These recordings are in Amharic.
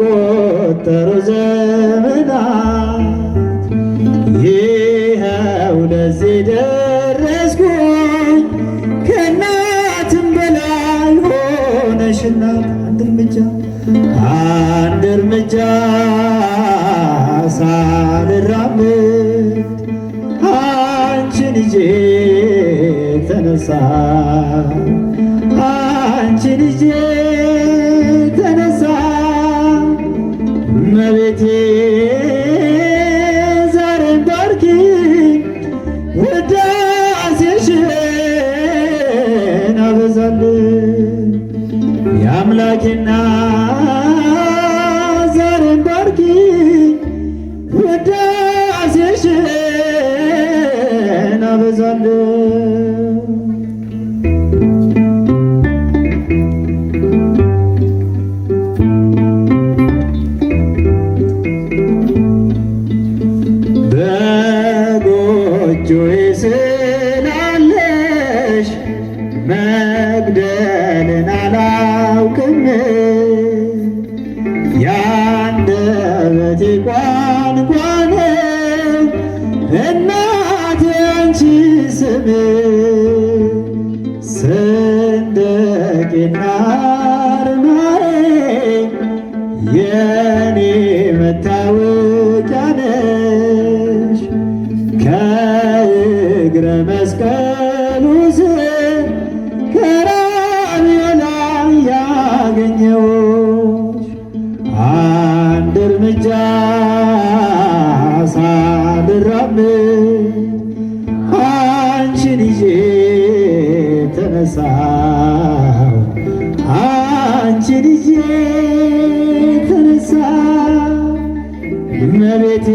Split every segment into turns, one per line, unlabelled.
ተቆጠሩ ዘመናት ይኸው ለዚህ ደረስኩኝ ከእናትም በላይ ሆነሽና አንድ እርምጃ አንድ እርምጃ ሳልራምድ አንቺን ይዤ ተነሳ መታወቂያ ነሽ ከእግረ መስቀሉ ስር ከራእየ ላይ ያገኘሁሽ አንድ እርምጃ ሳልራመድ አንቺን ይዤ ተነሳ እመቤቴ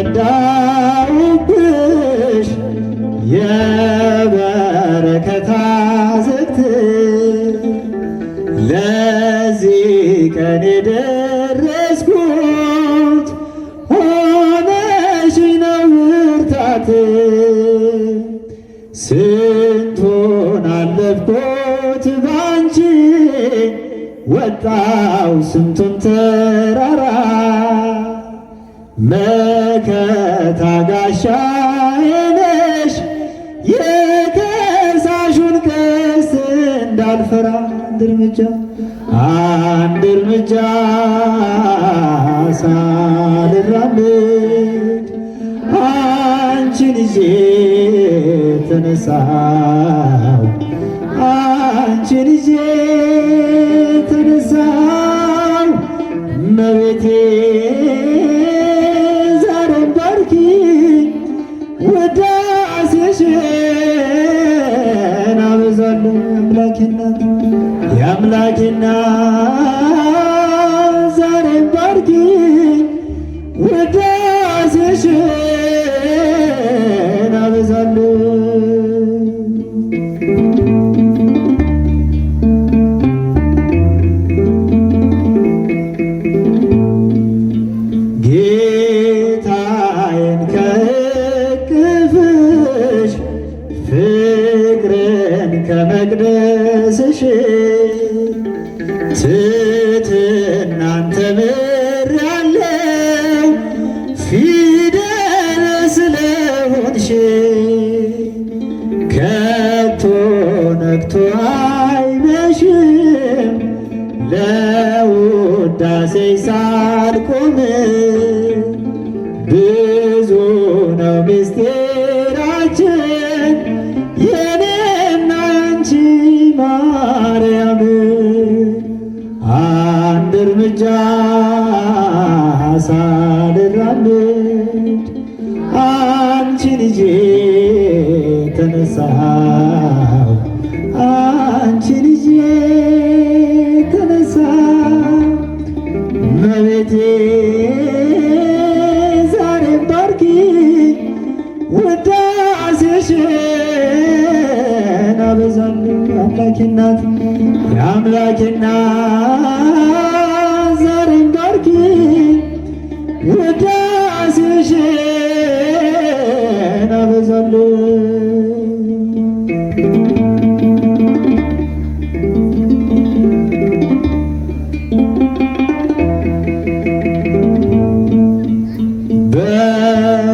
ቀዳውብሽ የበረከታ ዘት ለዚህ ቀን የደረስኩት ሆነሽ ነው ብርታት ስንቱን አለፍኩት ባንቺ ወጣው ስንቱን መከታ ጋሻዬ ነሽ የተሳሹን ቀስት እንዳልፈራ አንድ እርምጃ አንድ እርምጃ ሳልራመድ አንቺን ይዤ ተነሳው አንቺን ይዤ ተነሳው መቤቴ ሳልራመድ አንቺ ልጄ ተነሳው አንቺ ልጄ ተነሳ መቤቴ ዛሬ ባርኪ ውዳሴሽን እናት የአምላኬ እናት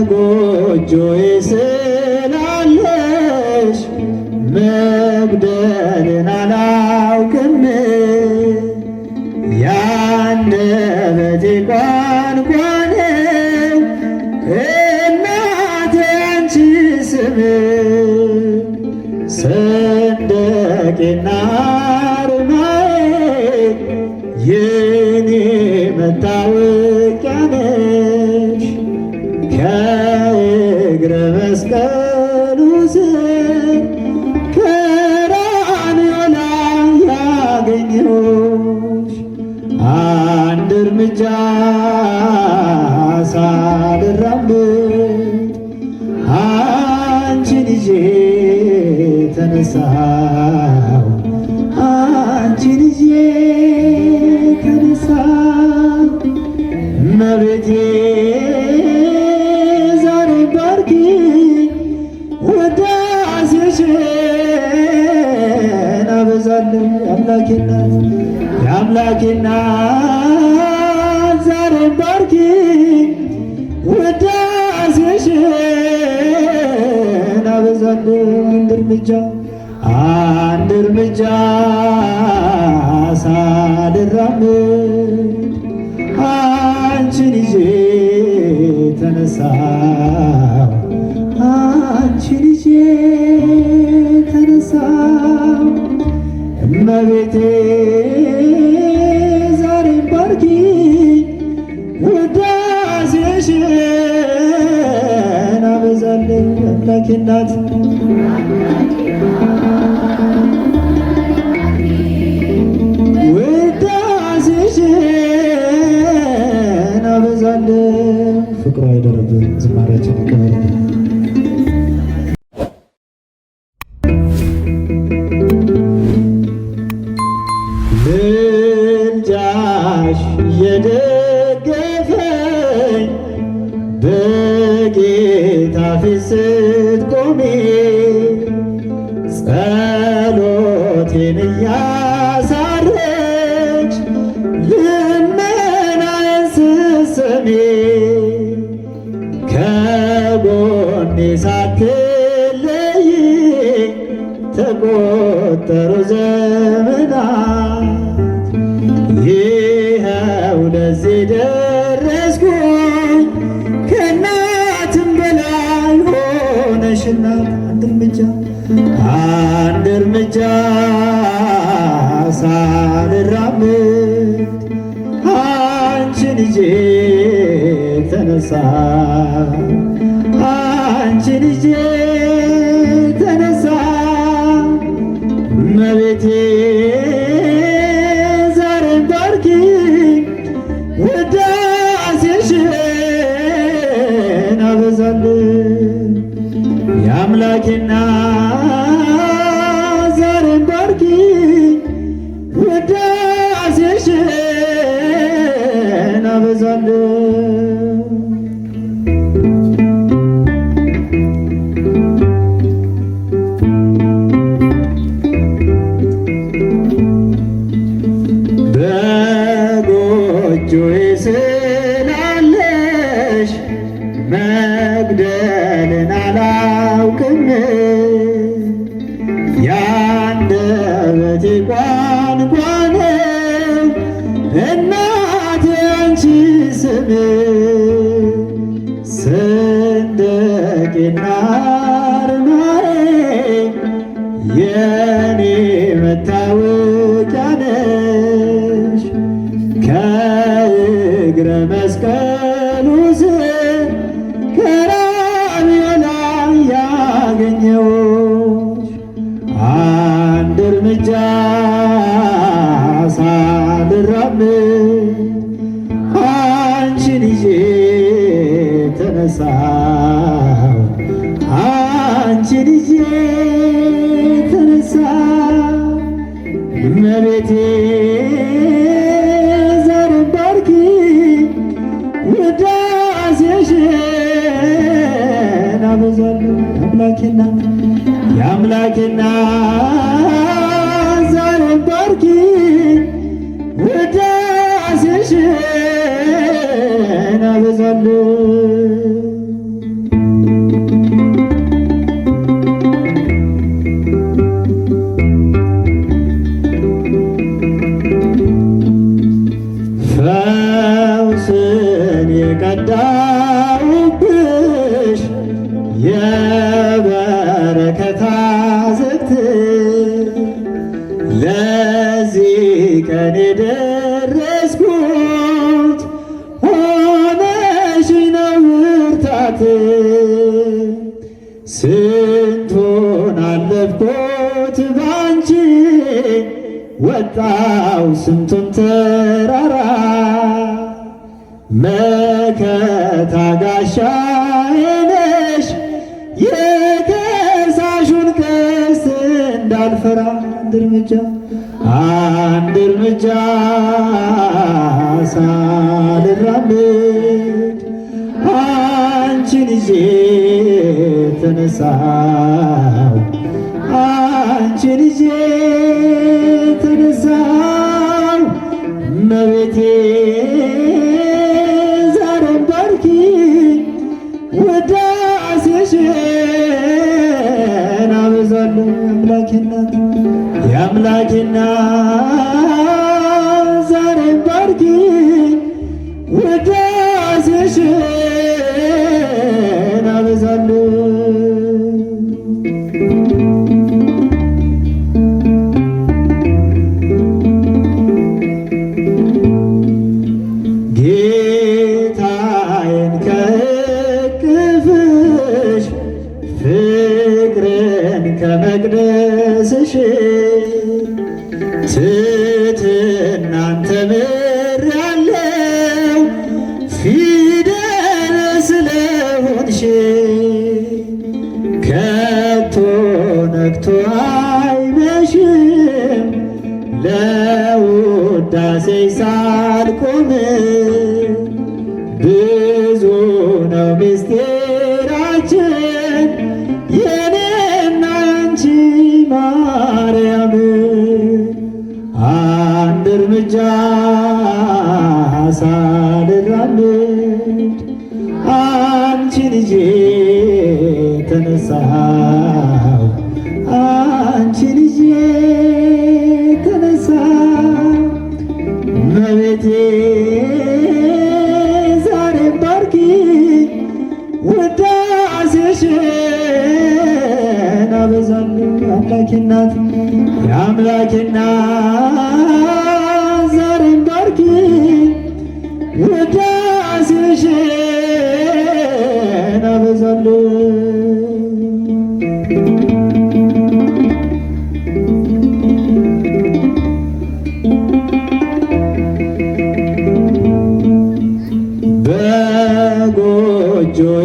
go joy የአምላኬ እናት የአምላኬ ባርኪ ውዳሴሽን አበዛለሁ አንድ እርምጃ አንድ እርምጃ ሳልራመድ ለተቆጠሩ ዘመናት ይኸው ለዚህ ደረስኩኝ ከእናትም በላይ ሆነሽና አንድ እርምጃ አንድ እርምጃ ሳልራምድ አንቺን ይዤ ተነሳ আপনার যে መታወቂያ ነሽ ከእግረ መስቀሉ ስር ከራእየ ላይ ያገኘሁሽ አንድ እርምጃ ሳልራመድ አንቺን ይዤ ተነሳ እመቤቴ ዘር ባርኪ ውዳሴሽን አበዛለሁ አምላኬና የአምላኬና ዘር ባርኪ ውዳሴሽን አበዛለሁ ቀዳውብሽ የበረከታ ዘግት ለዚህ ቀን የደረስኩት ሆነሽ ነው ብርታት ስንቱን አለፍኩት ባንቺ ወጣው ስንቱን ተራራ ጋሻዬ ነሽ የተከሳሹን ክስ እንዳልፈራ አንድ እርምጃ አንድ እርምጃ ሳልራመድ አንቺን ይዤ ተነሳሁ አንቺን ይዤ ተነሳሁ እመቤቴ Yeah. የአምላኬ እናት የአምላኬ እናት ዛሬም ባርኪ ውዳሴሽን አበዛለሁ በጎጆዬ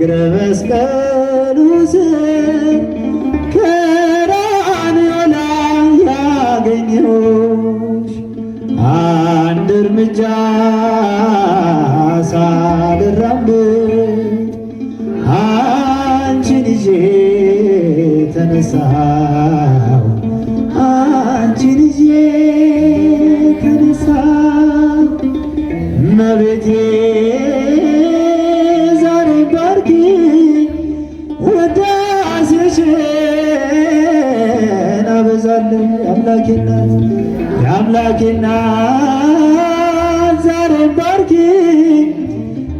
እግረ መስቀሉ ስር ከቀራንዮ ላይ ያገኘሁሽ አንድ እርምጃ ሳልራመድ አንቺን ይዤ ተነሳሁ አንቺን ይዤ ተነሳሁ ባርኪነት የአምላኬና ዛሬን ባርኪ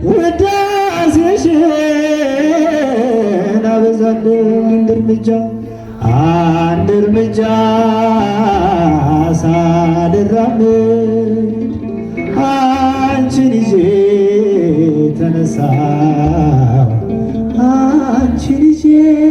ውዳሴሽን አንድ እርምጃ አንድ እርምጃ አንቺን ይዤ ተነሳ አንቺን ይዤ